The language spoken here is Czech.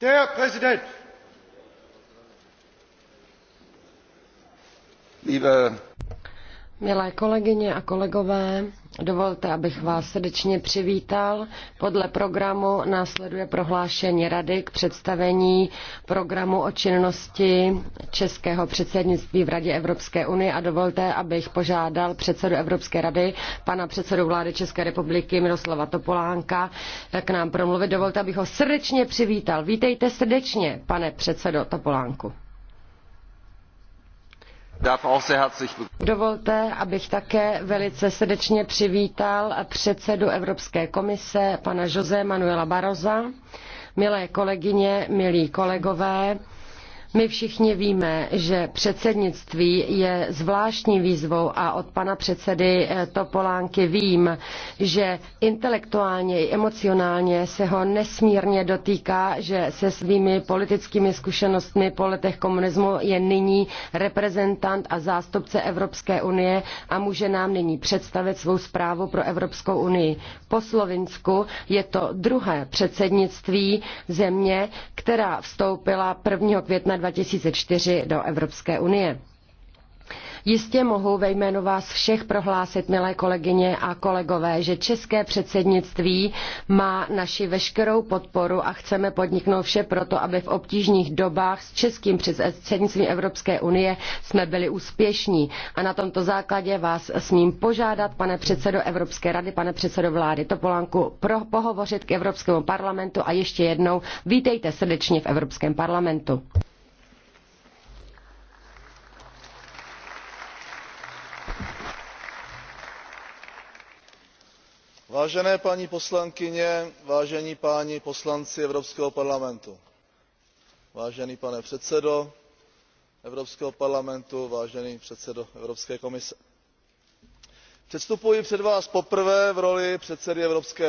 Der Präsident! Liebe Milé kolegyně a kolegové, dovolte, abych vás srdečně přivítal. Podle programu následuje prohlášení Rady k představení programu o činnosti Českého předsednictví v Radě Evropské unie a dovolte, abych požádal předsedu Evropské rady, pana předsedu vlády České republiky Miroslava Topolánka k nám promluvit. Dovolte, abych ho srdečně přivítal. Vítejte srdečně, pane předsedo Topolánku. Dovolte, abych také velice srdečně přivítal předsedu Evropské komise, pana José Manuela Barroza, milé kolegyně, milí kolegové. My všichni víme, že předsednictví je zvláštní výzvou a od pana předsedy eh, Topolánky vím, že intelektuálně i emocionálně se ho nesmírně dotýká, že se svými politickými zkušenostmi po letech komunismu je nyní reprezentant a zástupce Evropské unie a může nám nyní představit svou zprávu pro Evropskou unii. Po Slovinsku je to druhé předsednictví země, která vstoupila 1. května 2004 do Evropské unie. Jistě mohu ve jménu vás všech prohlásit, milé kolegyně a kolegové, že české předsednictví má naši veškerou podporu a chceme podniknout vše proto, aby v obtížných dobách s českým předsednictvím Evropské unie jsme byli úspěšní. A na tomto základě vás smím požádat, pane předsedo Evropské rady, pane předsedo vlády Topolánku, pro pohovořit k Evropskému parlamentu a ještě jednou vítejte srdečně v Evropském parlamentu. vážené paní poslankyně vážení páni poslanci evropského parlamentu vážený pane předsedo evropského parlamentu vážený předsedo evropské komise předstupuji před vás poprvé v roli předsedy evropské rady